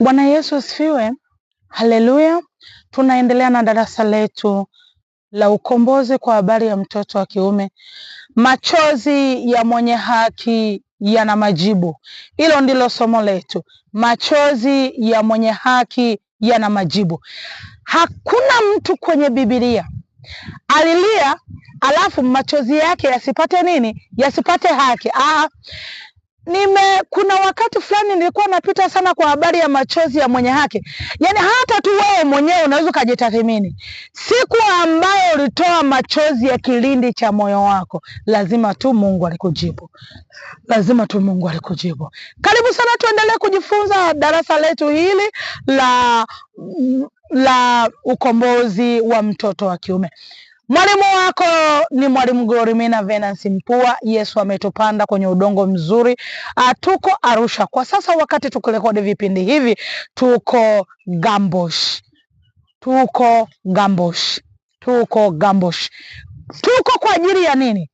Bwana Yesu asifiwe. Haleluya. Tunaendelea na darasa letu la ukombozi kwa habari ya mtoto wa kiume. Machozi ya mwenye haki yana majibu. Hilo ndilo somo letu. Machozi ya mwenye haki yana majibu. Hakuna mtu kwenye Biblia alilia alafu machozi yake yasipate nini? Yasipate haki. Ah, nime kuna wakati fulani nilikuwa napita sana kwa habari ya machozi ya mwenye haki. Yani hata tu wewe mwenyewe unaweza ukajitathmini, siku ambayo ulitoa machozi ya kilindi cha moyo wako, lazima tu Mungu alikujibu, lazima tu Mungu alikujibu. Karibu sana, tuendelee kujifunza darasa letu hili la la ukombozi wa mtoto wa kiume. Mwalimu wako ni mwalimu glorimina Venance Mpua. Yesu ametupanda kwenye udongo mzuri. A, ah, tuko Arusha kwa sasa, wakati tukirekodi vipindi hivi tuko Gambosh, tuko Gambosh, tuko Gambosh, tuko kwa ajili ya nini?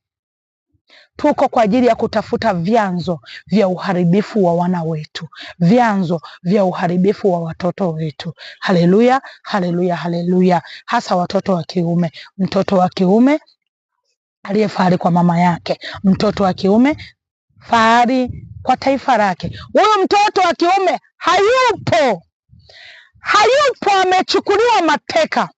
tuko kwa ajili ya kutafuta vyanzo vya uharibifu wa wana wetu, vyanzo vya uharibifu wa watoto wetu. Haleluya, haleluya, haleluya, hasa watoto wa kiume, mtoto wa kiume aliyefahari kwa mama yake, mtoto wa kiume fahari kwa taifa lake. Huyu mtoto wa kiume hayupo, hayupo, amechukuliwa mateka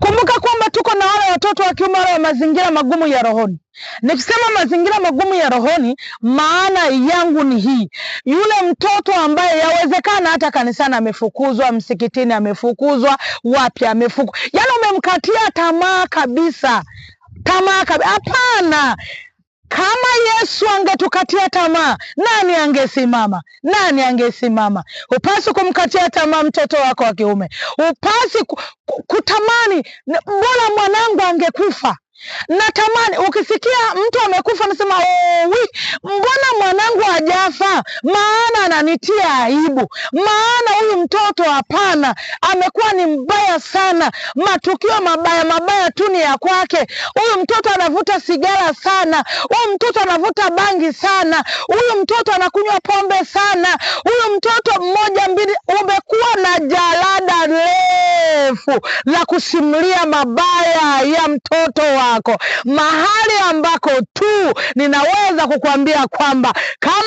Kumbuka kwamba tuko na wale watoto wa kiume wale wa mazingira magumu ya rohoni. Nikisema mazingira magumu ya rohoni, maana yangu ni hii: yule mtoto ambaye yawezekana hata kanisani amefukuzwa, msikitini amefukuzwa, wapi amefukuzwa, yaani umemkatia tamaa kabisa, tamaa kabisa. Hapana, kama Yesu angetukatia tamaa, nani angesimama? Nani angesimama? Hupasi kumkatia tamaa mtoto wako wa kiume, hupasi kutamani, mbona mwanangu angekufa Natamani ukisikia mtu amekufa, nasema oh, wi, mbona mwanangu hajafa? Maana ananitia aibu, maana huyu mtoto hapana, amekuwa ni mbaya sana. Matukio mabaya mabaya tu ni ya kwake. Huyu mtoto anavuta sigara sana, huyu mtoto anavuta bangi sana, huyu mtoto anakunywa pombe sana, huyu mtoto mmoja takatifu la kusimulia mabaya ya mtoto wako, mahali ambako tu ninaweza kukuambia kwamba kama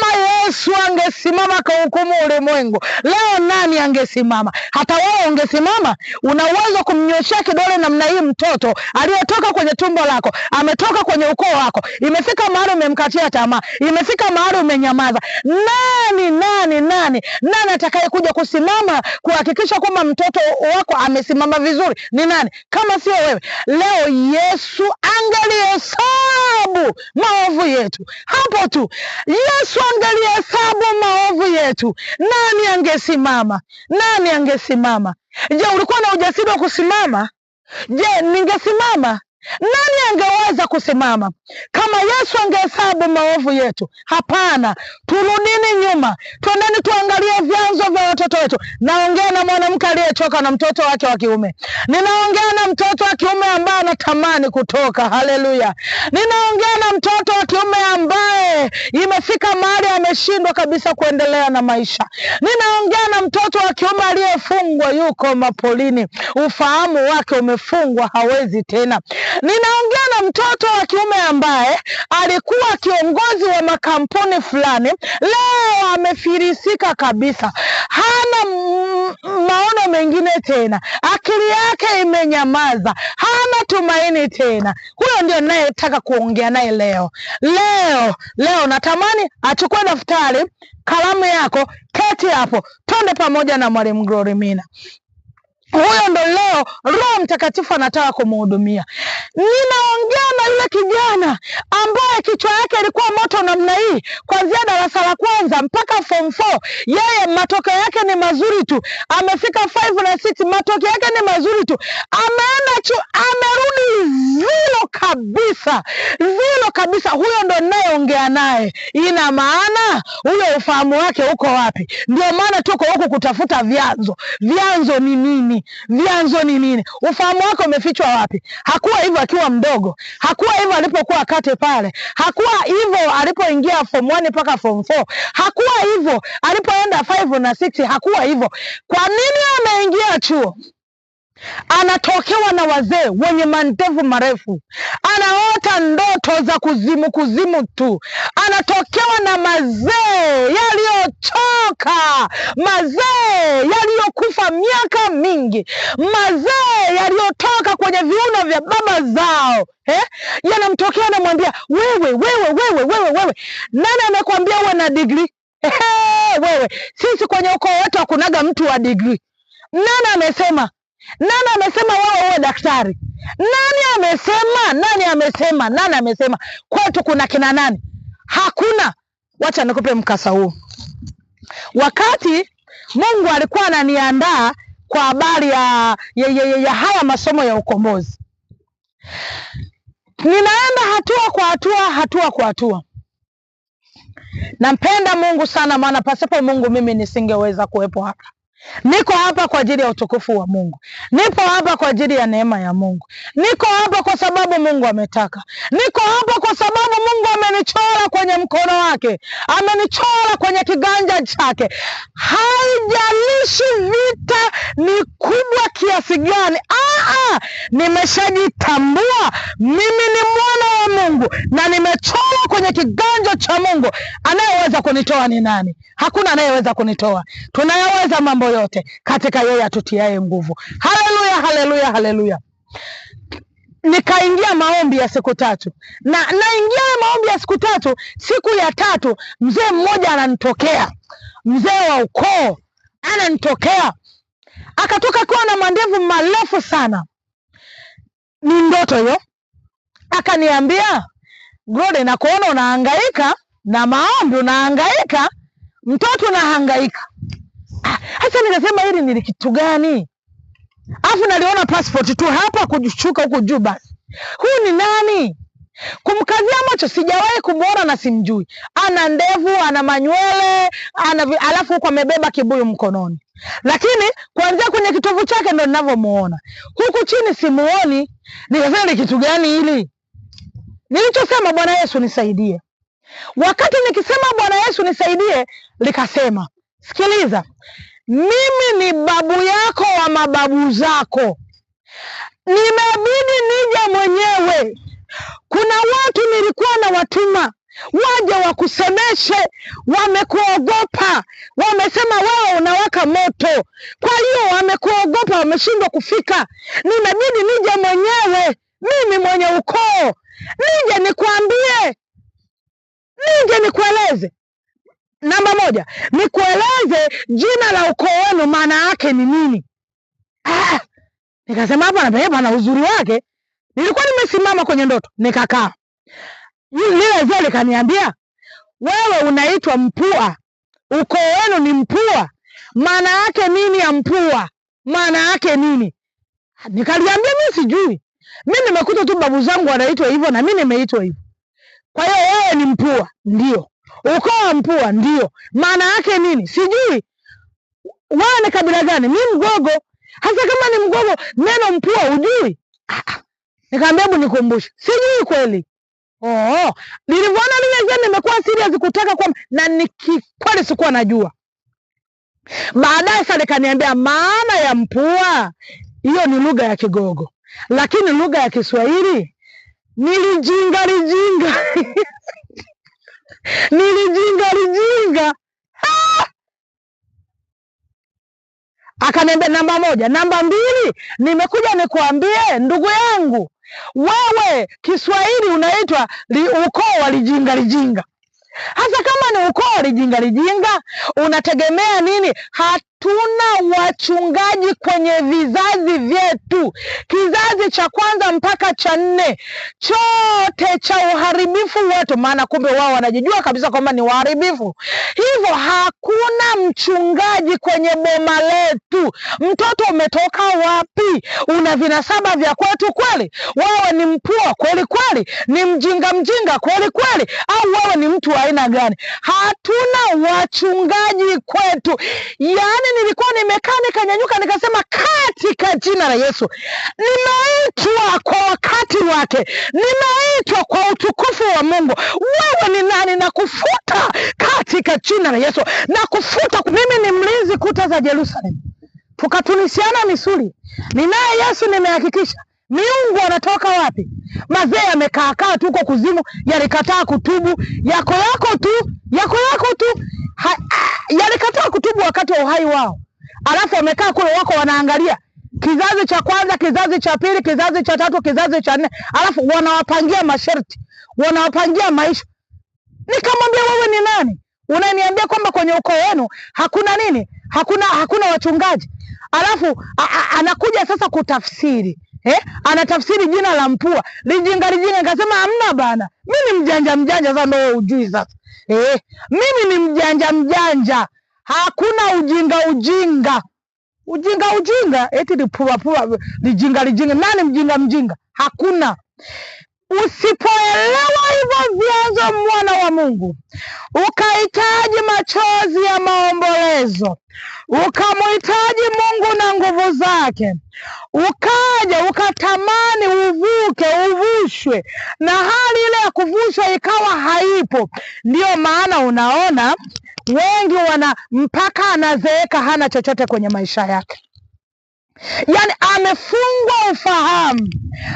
Yesu angesimama hukumu ulimwengu leo, nani angesimama? Hata wewe ungesimama. unaweza kumnyoshea kidole namna hii mtoto aliyetoka kwenye tumbo lako, ametoka kwenye ukoo wako, imefika mahali umemkatia tamaa, imefika mahali umenyamaza. Nani nani nani nani atakaye kuja kusimama kuhakikisha kwamba mtoto wako amesimama kusema vizuri ni nani kama sio wewe? Leo Yesu angalihesabu maovu yetu, hapo tu. Yesu angalihesabu maovu yetu, nani angesimama? Nani angesimama? Je, ulikuwa na ujasiri wa kusimama? Je, ningesimama? Nani angeweza kusimama kama Yesu angehesabu maovu yetu? Hapana, turudini nyuma, twendeni tuangalie mtoto. Naongea na mwanamke aliyechoka na mtoto wake wa kiume. Ninaongea na mtoto wa kiume ambaye anatamani kutoka. Haleluya. Ninaongea na mtoto wa kiume ambaye imefika mahali ameshindwa kabisa kuendelea na maisha. Ninaongea na mtoto wa kiume aliyefungwa, yuko mapolini, ufahamu wake umefungwa, hawezi tena. Ninaongea na mtoto wa kiume ambaye alikuwa kiongozi wa makampuni fulani, leo amefirisika kabisa mengine tena, akili yake imenyamaza, hana tumaini tena. Huyo ndio ninayetaka kuongea naye leo. Leo leo natamani achukue daftari, kalamu yako, keti hapo, twende pamoja na mwalimu Glorimina. Huyo ndo leo Roho Mtakatifu anataka kumhudumia. Ninaongea na yule kijana ambaye kichwa yake ilikuwa moto namna hii, kuanzia darasa la kwanza mpaka form four. Yeye matokeo yake ni mazuri tu, amefika five na six, matokeo yake ni mazuri tu, ameenda chu, amerudi zilo kabisa, zilo kabisa. Huyo ndo ninayeongea naye. Ina maana huyo ufahamu wake uko wapi? Ndio maana tuko huku kutafuta vyanzo. Vyanzo ni nini? Vyanzo ni nini? Ufahamu wake umefichwa wapi? Hakuwa hivyo akiwa mdogo, hakuwa hivyo alipokuwa kate pale, hakuwa hivyo alipoingia form 1 mpaka form 4, hakuwa hivyo alipoenda 5 na 6, hakuwa hivyo. Kwa nini ameingia chuo? anatokewa na wazee wenye mandevu marefu, anaota ndoto za kuzimu kuzimu tu, anatokewa na mazee yaliyochoka, mazee yaliyokufa miaka mingi, mazee yaliyotoka kwenye viuno vya baba zao eh? Yanamtokea, anamwambia wewe, wewe, wewe, wewe, wewe. Nani amekwambia uwe na digrii? Hey, wewe, sisi kwenye ukoo wetu hakunaga mtu wa digrii. Nani amesema? Nani amesema wao uwe daktari? Nani amesema? Nani amesema? Nani amesema? Kwetu kuna kina nani? Hakuna. Wacha nikupe mkasa huu. Wakati Mungu alikuwa ananiandaa kwa habari ya, ya, ya, ya, ya haya masomo ya ukombozi, ninaenda hatua kwa hatua, hatua kwa hatua. Nampenda Mungu sana, maana pasipo Mungu mimi nisingeweza kuwepo hapa. Niko hapa kwa ajili ya utukufu wa Mungu. Nipo hapa kwa ajili ya neema ya Mungu. Niko hapa kwa sababu Mungu ametaka. Niko hapa kwa sababu Mungu amenichora kwenye mkono wake, amenichora kwenye kiganja chake. Haijalishi vita ni kubwa kiasi gani, ah, nimeshajitambua mimi ni mwana wa Mungu na nimechora kwenye kiganja cha Mungu. Anayeweza kunitoa ni nani? Hakuna anayeweza kunitoa. Tunayaweza mambo yoyote katika yeye atutiaye nguvu. Haleluya, haleluya, haleluya. Nikaingia maombi ya siku tatu na naingia maombi ya siku tatu. Siku ya tatu mzee mmoja ananitokea, mzee wa ukoo ananitokea, akatoka kuwa na mandevu marefu sana, ni ndoto hiyo. Akaniambia, Gode, nakuona unahangaika na maombi, unahangaika mtoto, unahangaika sasa nikasema hili ni kitu gani? Afu naliona passport tu hapa kujishuka huko juu basi. Huyu ni nani? Kumkazia macho sijawahi kumwona na simjui. Ana ndevu, ana manywele, ana alafu huko amebeba kibuyu mkononi. Lakini kuanzia kwenye kitovu chake ndo ninavyomuona. Huku chini simuoni. Nikasema ni kitu gani hili? Nilichosema Bwana Yesu nisaidie. Wakati nikisema Bwana Yesu nisaidie, likasema, sikiliza. Mimi ni babu yako wa mababu zako, nimebidi nije mwenyewe. Kuna watu nilikuwa na watuma waje wakusemeshe, wamekuogopa, wamesema wewe unawaka moto. Kwa hiyo wamekuogopa, wameshindwa kufika. Nimebidi nije mwenyewe, mimi mwenye ukoo, nije nikuambie, nije nikueleze. Namba moja, nikueleze jina la ukoo wenu maana yake ni nini? Ah, nikasema hapa na uzuri wake. Nilikuwa nimesimama kwenye ndoto nikakaa, lile zio likaniambia, wewe unaitwa Mpua, ukoo wenu ni Mpua. Maana yake nini ya Mpua? Maana yake nini? Nikaliambia mi sijui, mi nimekuta tu babu zangu wanaitwa hivyo na mi nimeitwa hivyo. Kwa hiyo wewe ni Mpua? Ndio. Ukoo wa Mpua? Ndio. Maana yake nini? Sijui, wewe ni kabila gani? Mi Mgogo. Hasa kama ni Mgogo, neno Mpua ujui ah, ah. Nikaambia hebu nikumbushe, sijui kweli. Oh, nilivyoona lile zeni nimekuwa serious kutaka kwa na nikikweli sikuwa najua. Baadaye sasa nikaniambia maana ya Mpua hiyo ni lugha ya Kigogo, lakini lugha ya Kiswahili nilijinga lijinga nilijinga lijinga Akaniambia namba moja. Namba mbili, nimekuja nikuambie ndugu yangu, wewe Kiswahili unaitwa ukoo wa lijinga lijinga. Hasa kama ni ukoo wa lijinga lijinga, unategemea nini? Hata Hatuna wachungaji kwenye vizazi vyetu, kizazi cha kwanza mpaka cha nne, chote cha uharibifu wetu. Maana kumbe wao wanajijua kabisa kwamba ni waharibifu, hivyo hakuna mchungaji kwenye boma letu. Mtoto umetoka wapi? Una vinasaba vya kwetu kweli? Wewe ni mpua kweli kweli? Ni mjinga mjinga kweli kweli? Au wewe ni mtu wa aina gani? Hatuna wachungaji kwetu, yani nilikuwa nimekaa nikanyanyuka, nikasema katika jina la Yesu, nimeitwa kwa wakati wake, nimeitwa kwa utukufu wa Mungu. Wewe ni nani? Nakufuta katika jina la Yesu, nakufuta. Mimi ni mlinzi kuta za jerusalem tukatunishiana misuli. Ninaye Yesu, nimehakikisha Miungu anatoka wapi? Mazee yamekaakaa tuko kuzimu, yalikataa kutubu. Yako yako tu, yako yako tu Ah, yalikataa kutubu wakati wa uhai wao, alafu wamekaa kule wako wanaangalia kizazi cha kwanza, kizazi cha pili, kizazi cha tatu, kizazi cha nne, alafu wanawapangia masharti, wanawapangia maisha. Nikamwambia, wewe ni nani unaniambia kwamba kwenye ukoo wenu hakuna nini, hakuna hakuna wachungaji? Alafu a, a, anakuja sasa kutafsiri eh? Anatafsiri jina la Mpua lijinga lijinga, nikasema amna bana, mi ni mjanja mjanja, sasa ndo ujui sasa eh. Mimi ni mjanja mjanja, hakuna ujinga ujinga ujinga ujinga, eti lipurapura lijinga lijinga. Nani mjinga mjinga? Hakuna. Usipoelewa hivyo vyanzo, mwana wa Mungu, ukahitaji machozi ya maombo uwezo, ukamhitaji Mungu na nguvu zake, ukaja ukatamani uvuke, uvushwe, na hali ile ya kuvushwa ikawa haipo. Ndiyo maana unaona wengi wana mpaka anazeeka hana chochote kwenye maisha yake. Yaani amefungwa ufahamu.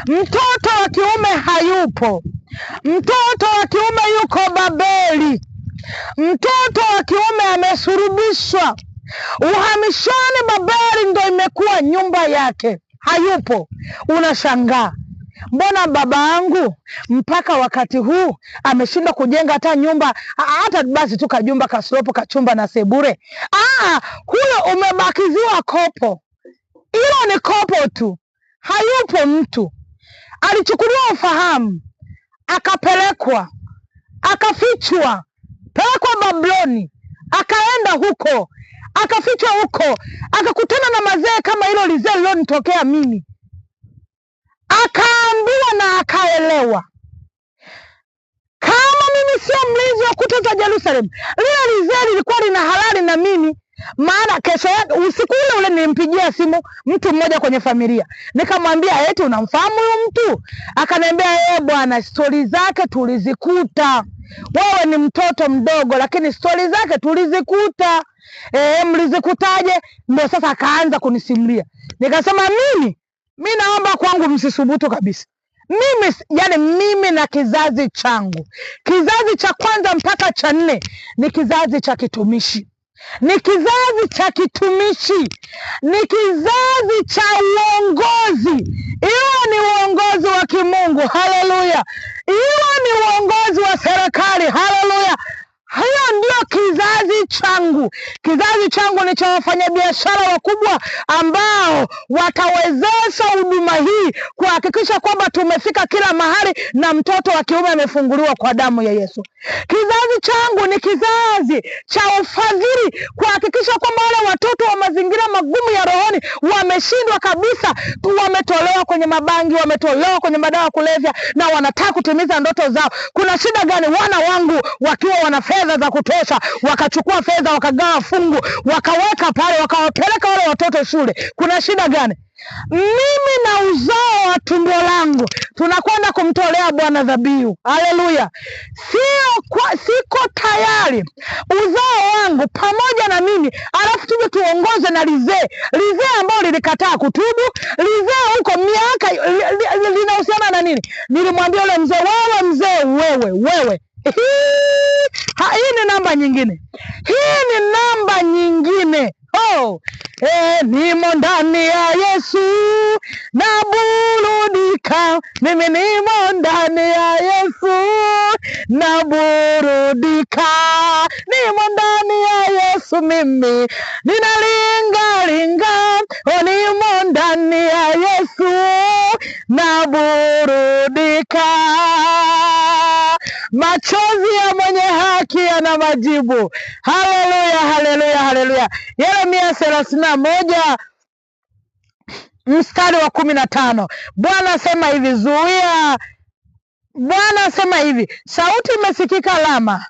Mtoto wa kiume hayupo, mtoto wa kiume yuko Babeli, mtoto wa kiume amesurubishwa uhamishoni Babeli, ndo imekuwa nyumba yake, hayupo. Unashangaa, mbona baba yangu mpaka wakati huu ameshindwa kujenga hata nyumba, hata basi tu kajumba kasopo kachumba na sebure? Aa, huyo umebakiziwa kopo, ilo ni kopo tu, hayupo mtu. Alichukuliwa ufahamu akapelekwa, akafichwa, pelekwa Babloni akaenda huko akafichwa huko, akakutana na mazee kama hilo lizee lilonitokea mimi, akaambiwa na akaelewa kama mimi sio mlinzi wa kuta za Yerusalemu. Lile lizee lilikuwa lina halali na mimi, maana kesho yake usiku ule ule nilimpigia simu mtu mmoja kwenye familia, nikamwambia eti unamfahamu huyu mtu? Akaniambia yeye, eh, bwana, stori zake tulizikuta wewe ni mtoto mdogo, lakini stori zake tulizikuta. E, mlizikutaje? Ndio sasa akaanza kunisimulia, nikasema mimi mi naomba kwangu msisubutu kabisa mimi yani, mimi na kizazi changu, kizazi cha kwanza mpaka cha nne ni kizazi cha kitumishi ni kizazi cha kitumishi, ni kizazi cha uongozi, iwe ni uongozi wa kimungu, haleluya, iwe ni uongozi wa serikali, haleluya. Hiyo ndio kizazi changu, kizazi changu ni cha wafanyabiashara wakubwa ambao watawezesha huduma hii kuhakikisha kwamba tumefika kila mahali na mtoto wa kiume amefunguliwa kwa damu ya Yesu. Kizazi changu ni kizazi cha ufadhili kuhakikisha kwamba wale watoto wa mazingira magumu ya rohoni wameshindwa kabisa, wametolewa kwenye mabangi, wametolewa kwenye madawa kulevya na wanataka kutimiza ndoto zao. Kuna shida gani? Wana wangu wakiwa wana fedha za kutosha wakachukua wakachukua fedha wakagawa fungu wakaweka pale wakawapeleka wale watoto shule. Kuna shida gani? Mimi na uzao wa tumbo langu tunakwenda kumtolea Bwana dhabihu. Haleluya! Sio kwa, siko tayari uzao wangu pamoja na mimi, alafu tuje tuongoze na lizee lizee ambao lilikataa kutubu. Lizee huko miaka li, li, li, linahusiana na nini? Nilimwambia yule mzee, wewe mzee, wewe wewe hii, ha, hii ni namba nyingine, hii ni namba nyingine. Oh, eh, nimo ndani ya Yesu burudika, mimi nimo ndani ya Yesu burudika, nimo ndani ya Yesu mimi ninalingalinga, oh, nimo ndani ya Yesu burudika. Machozi ya mwenye haki yana majibu. Haleluya, haleluya, haleluya. Yeremia thelathini na moja mstari wa kumi na tano Bwana asema hivi, zuia Bwana asema hivi, sauti imesikika Lama,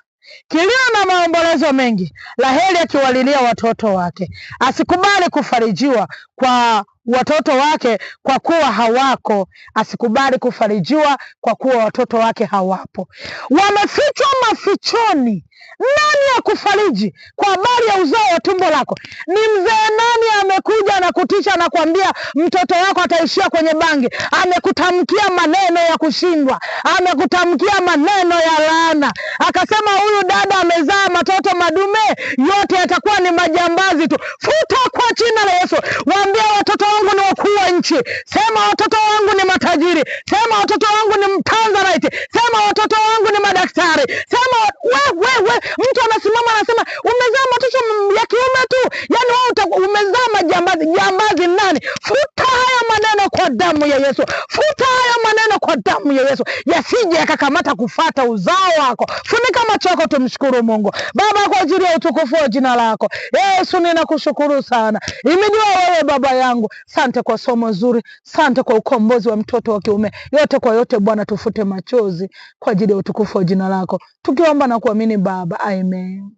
Kilio na maombolezo mengi, laheri akiwalilia watoto wake. Asikubali kufarijiwa kwa watoto wake kwa kuwa hawako, asikubali kufarijiwa kwa kuwa watoto wake hawapo. Wamefichwa mafichoni nani ya kufariji kwa habari ya uzao wa tumbo lako? Ni mzee nani amekuja na kutisha na kuambia mtoto wako ataishia kwenye bangi? Amekutamkia maneno ya kushindwa, amekutamkia maneno ya laana, akasema huyu dada amezaa matoto madume, yote yatakuwa ni majambazi tu. Futa kwa jina la Yesu, waambie watoto wangu ni wakuu wa nchi, sema watoto wangu ni matajiri, sema watoto wangu ni Mtanzanite, sema watoto wangu ni madaktari, sema wewe wewe Mtu anasimama anasema umezaa matoto ya kiume tu, yani wewe umezaa majambazi. Jambazi nani? Futa kwa damu ya Yesu. Futa haya maneno kwa damu ya Yesu, yasije yakakamata kufata uzao wako. Funika macho yako, tumshukuru Mungu. Baba, kwa ajili ya utukufu wa jina lako Yesu, ninakushukuru sana, imeniwa wewe baba yangu. Sante kwa somo zuri, sante kwa ukombozi wa mtoto wa kiume. Yote kwa yote, Bwana, tufute machozi kwa ajili ya utukufu wa jina lako, tukiomba na kuamini Baba, amen.